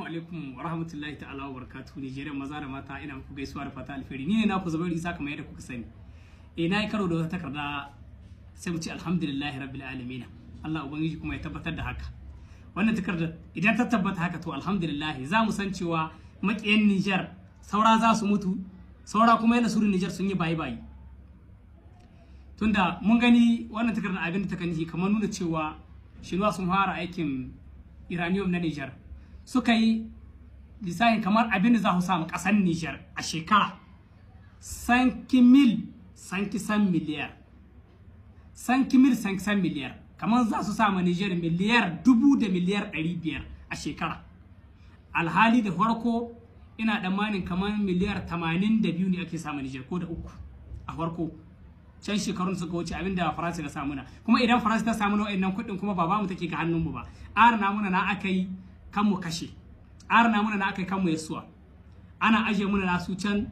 Assalamu alaikum wa rahmatullahi ta'ala wa barakatuhu Nijeriya maza da mata ina muku gaisuwa da fata alferi ni ne naku Zubairu Isa kamar yadda kuka sani eh na yi karo da wata takarda sai mu ce alhamdulillahi rabbil alamin Allah ubangiji kuma ya tabbatar da haka wannan takarda idan ta tabbata haka to alhamdulillah za mu san cewa makiyan Niger saura za su mutu saura kuma yana surun Niger sun yi bayi bayi tunda mun gani wannan takardar abin da ta kanji kamar nuna cewa shinuwa sun fara aikin uranium na Niger suka yi lissahin kamar abin da za ku samu ƙasar Nijar a shekara sanki mil sanki san miliyar sanki mil sanki san miliyar kamar za su samu Nijar miliyar dubu da miliyar ɗari biyar a shekara alhali da farko ina tsammanin kamar miliyar tamanin da biyu ne ake samu Nijar ko da uku a farko can shekarun suka wuce abin da faransa ta samu na kuma idan faransa ta samu na wa'annan kuɗin kuma ba ba mu take ga hannunmu ba arna muna na aka yi kan mu kashe arna muna na akai kan mu yasuwa ana aje muna na su can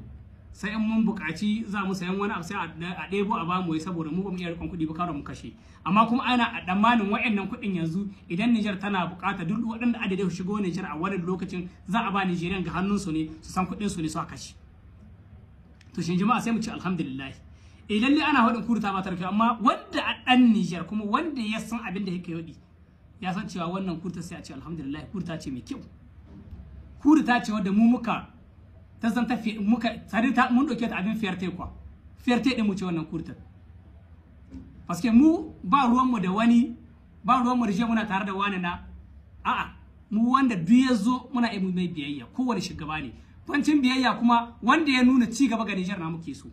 sai in mun bukaci, za mu sayan wani abu sai a debo a bamu wai saboda mu ba mu iya rikon kuɗi ba kawai mu kashe amma kuma ana a damanin wa'annan kuɗin yanzu idan Nijar tana buƙata duk waɗanda adadin su shigo Nijar a wani lokacin za a ba Nijeriya ga hannun su ne su san kuɗin su ne su a kashe to shin jama'a sai mu ci alhamdulillah idan eh, lalle ana hudin kurta ba tarfi amma wanda a ɗan Nijar kuma wanda ya san abin da yake hudi ya san cewa wannan kurta sai a ce alhamdulillah kurta ce mai kyau kurta ce wanda mu muka ta zanta muka tare ta mun dauke ta abin fiyarte kwa fiyarte din mu ce wannan kurta paske mu ba ruwan mu da wani ba ruwan mu da muna tare da wani na a'a mu wanda duk ya zo muna yi mai biyayya kowane shugaba ne bancin biyayya kuma wanda ya nuna ci gaba ga Niger na muke so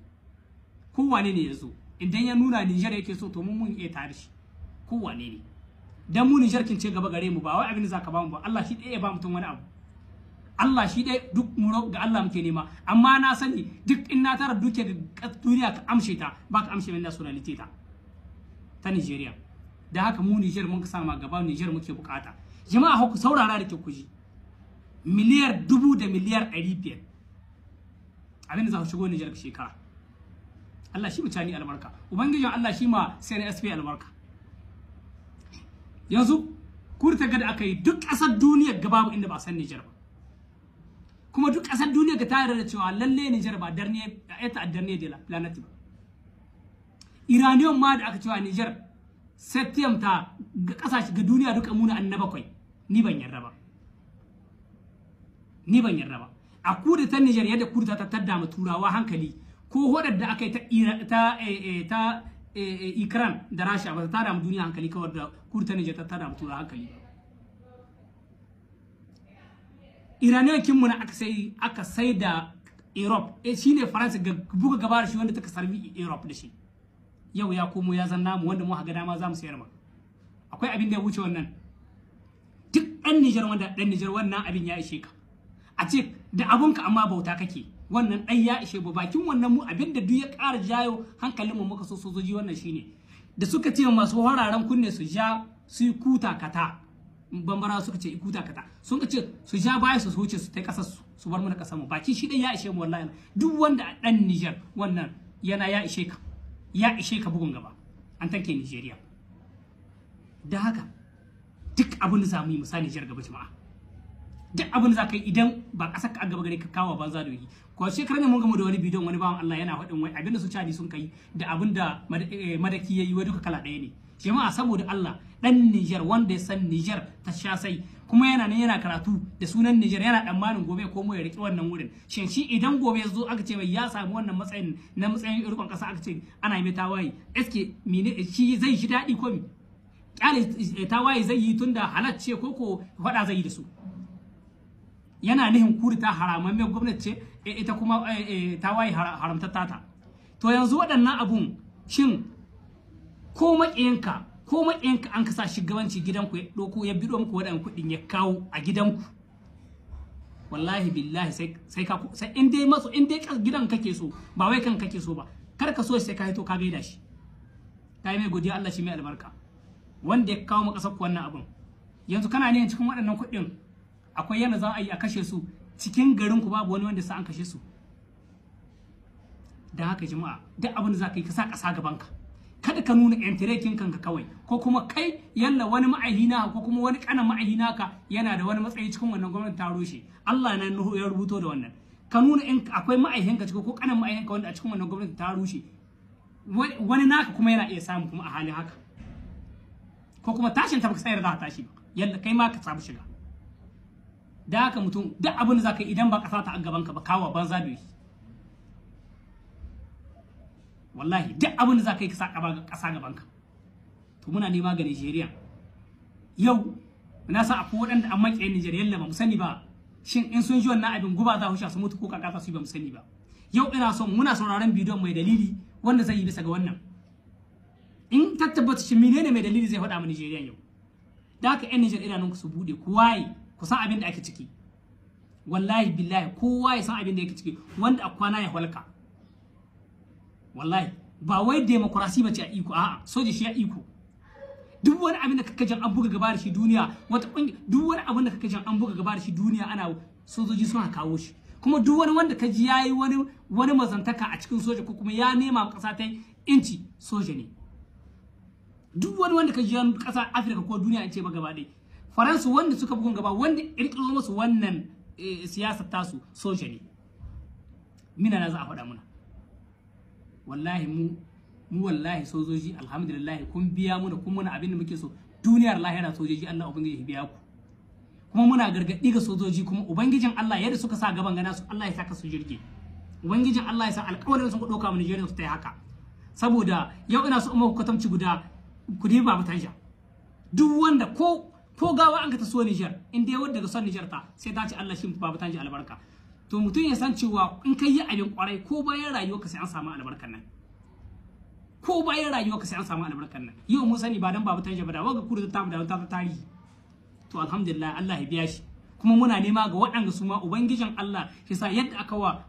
kowane ne ya zo idan ya nuna Niger yake so to mun mun iya tare shi kowane ne dan mu Niger kin ce gaba gare mu ba wai abin zaka ba mu ba Allah shi dai ya ba mutum wani abu Allah shi dai duk muro ga Allah muke nema amma na sani duk in na tara duke da duniya ka amshe ta ba ka amshe min nationality ta ta Nigeria da haka mu Niger mun ma gaba Niger muke bukata jama'a ku saurara da ke kuji miliyar dubu da miliyar ɗari biyar abin da za ku shigo Niger shekara Allah shi mutane albarka ubangijin Allah shi ma sai na SP albarka yanzu kurta ga da aka yi duk ƙasar duniya ga babu inda ba san Nijar ba kuma duk ƙasar duniya ga tare da cewa lalle Nijar ba darne ya a darne da planet ba Iraniyon ma da aka cewa Nijar septium ta ga ƙasashe ga duniya duka muna annaba kai ni ban yarda ba ni ban yarda ba a kuda ta Nijar yadda kurta ta tadda ma turawa hankali ko hodar da aka yi ta ta eh, eh, Eh, eh, ikran da rasha ba ta tada mu duniya hankali kawar da kurta ne ta tada mu tura hankali iraniyan kin na aka sai aka sai da europe e eh, shine faransa ga buga gaba shi wanda ta sarbi europe da shi yau ya komo ya zanna mu wanda mu haga dama za mu sayar ma akwai abin da ya wuce wannan duk dan Nijar wanda dan Nijar wannan abin ya ishe ka a ce da abunka amma bauta kake wannan dan ya ishe ba bakin wannan mu abin da duk ya ƙara jayo hankalinmu muka so sojoji wannan shine da suka ce masu wararen kunne su ja su yi kuta kata bambara suka ce ikuta kata sun ce su ja baya su wuce su ta kasar su su bar mana kasar mu baki shi dan ya ishe mu wallahi duk wanda a dan Niger wannan yana ya ishe ka ya ishe ka bugun gaba an tanke Nigeria da haka duk abin da za mu yi misali Niger gaba jama'a duk abin da zaka yi idan ba kasar ka gaba gare ka kawo za da yi ko shekaran ne mun gamu da wani bidon wani bawan Allah yana faɗin wai abinda su cani sun kai da da eh, madaki yi wai duka kala daya ne jama'a saboda Allah dan Niger wanda ya san Niger ta sha sai kuma yana nan yana karatu da sunan Niger yana malin gobe ko mu ya riki wannan wurin shin shi idan gobe ya zo aka ce mai ya samu wannan matsayin na matsayin irkon kasa aka ce ana mai tawaye eske mine shi zai shi daɗi ko mi kyale eh, tawaye zai yi tunda halacce ko ko faɗa zai yi da su yana nihin kurita mai gwamnati ce e, ita kuma e, e, ta waye haramta ta to yanzu waɗannan abun shin ko maƙiyanka ko maƙiyanka an kasa shugabanci gidanku ya ɗoko ya biɗo muku waɗannan kuɗin ya kawo a gidanku wallahi billahi sai ka sai in dai maso in dai gidan kake so ba wai kan kake so ba kar ka so sai ka hito ka gaida shi ka yi mai godiya Allah shi mai albarka wanda ya kawo maka sakku wannan abun yanzu kana ne cikin waɗannan kuɗin akwai yana za a yi a kashe su cikin garin ku babu wani wanda sa an kashe su da haka jama'a duk abin da za ka yi ka sa ƙasa gaban ka kada ka nuna yantirekin kanka kawai ko kuma kai yalla wani ma'ahina ko kuma wani ƙanan ma'ahina ka yana da wani matsayi cikin wannan gwamnati ta rushe Allah na nuhu ya rubuto da wannan ka nuna in akwai ma'ahin ka ko kanan ma'ahin ka wanda a cikin wannan gwamnati ta rushe wani naka kuma yana iya samu kuma a halin haka ko kuma tashin ta baka sayar da tashi yalla kai ma ka samu shiga da haka mutum duk abin da za ka yi idan ba ƙasa ta a gaban ka ba kawo ban zabi shi wallahi duk abin da za ka yi ka sa ƙasa ka. to muna nema ga Nigeria yau na san akwai waɗanda an maƙiya Nigeria yalla ba mu sani ba shin in sun ji wannan abin guba za su sha su mutu ko kakata su ba mu sani ba yau ina son muna sauraron bidiyon mai dalili wanda zai yi bisa ga wannan in ta tabbata shi menene mai dalili zai faɗa mu Nigeria yau da haka 'yan Nigeria ku su bude ku waye ku san abin da ake ciki wallahi billahi kowa ya san abin da yake ciki wanda a kwana ya halka wallahi ba wai demokrasi ba ce a iko a'a soja shi ya iko duk wani abin da kaka jan an buga gaba da shi duniya wata duk wani abin da kaka jan an buga gaba da shi duniya ana sojoji suna kawo shi kuma duk wani wanda ka ji yayi wani wani mazantaka a cikin soja ko kuma ya nema kasa ta inci soja ne duk wani wanda ka ji yan kasa Afirka ko duniya in ce ba gaba ɗaya faransu wanda suka bugun gaba wanda kirkiro musu wannan eh, siyasar tasu soja ne mina na za a faɗa muna wallahi mu mu wallahi sojoji alhamdulillah kun biya muna kun muna abin da muke so duniyar lahira sojoji Allah ubangiji ya biya ku kuma muna gargaɗi ga sojoji kuma ubangijin Allah yadda suka sa gaban gana su Allah ya saka su jirgi ubangijin Allah ya sa alƙawarin sun ɗauka mu Nigeria su ta yi haka saboda yau ina so umma ku guda ku dai ba mutanja duk wanda ko ko gawa an ka ta so Niger in dai wanda ga son Niger ta sai ta ce Allah shi baba ta ji albarka to mutum ya san cewa in kai yi abin kwarai ko bayan rayuwa ka sai an samu albarkan nan ko bayan rayuwa ka sai an samu albarkan nan yau mun sani ba dan baba ta ba da waga kuru ta da ta tarihi to alhamdulillah Allah ya biya shi kuma muna nema ga waɗanda su ma ubangijin Allah shi sa yadda aka wa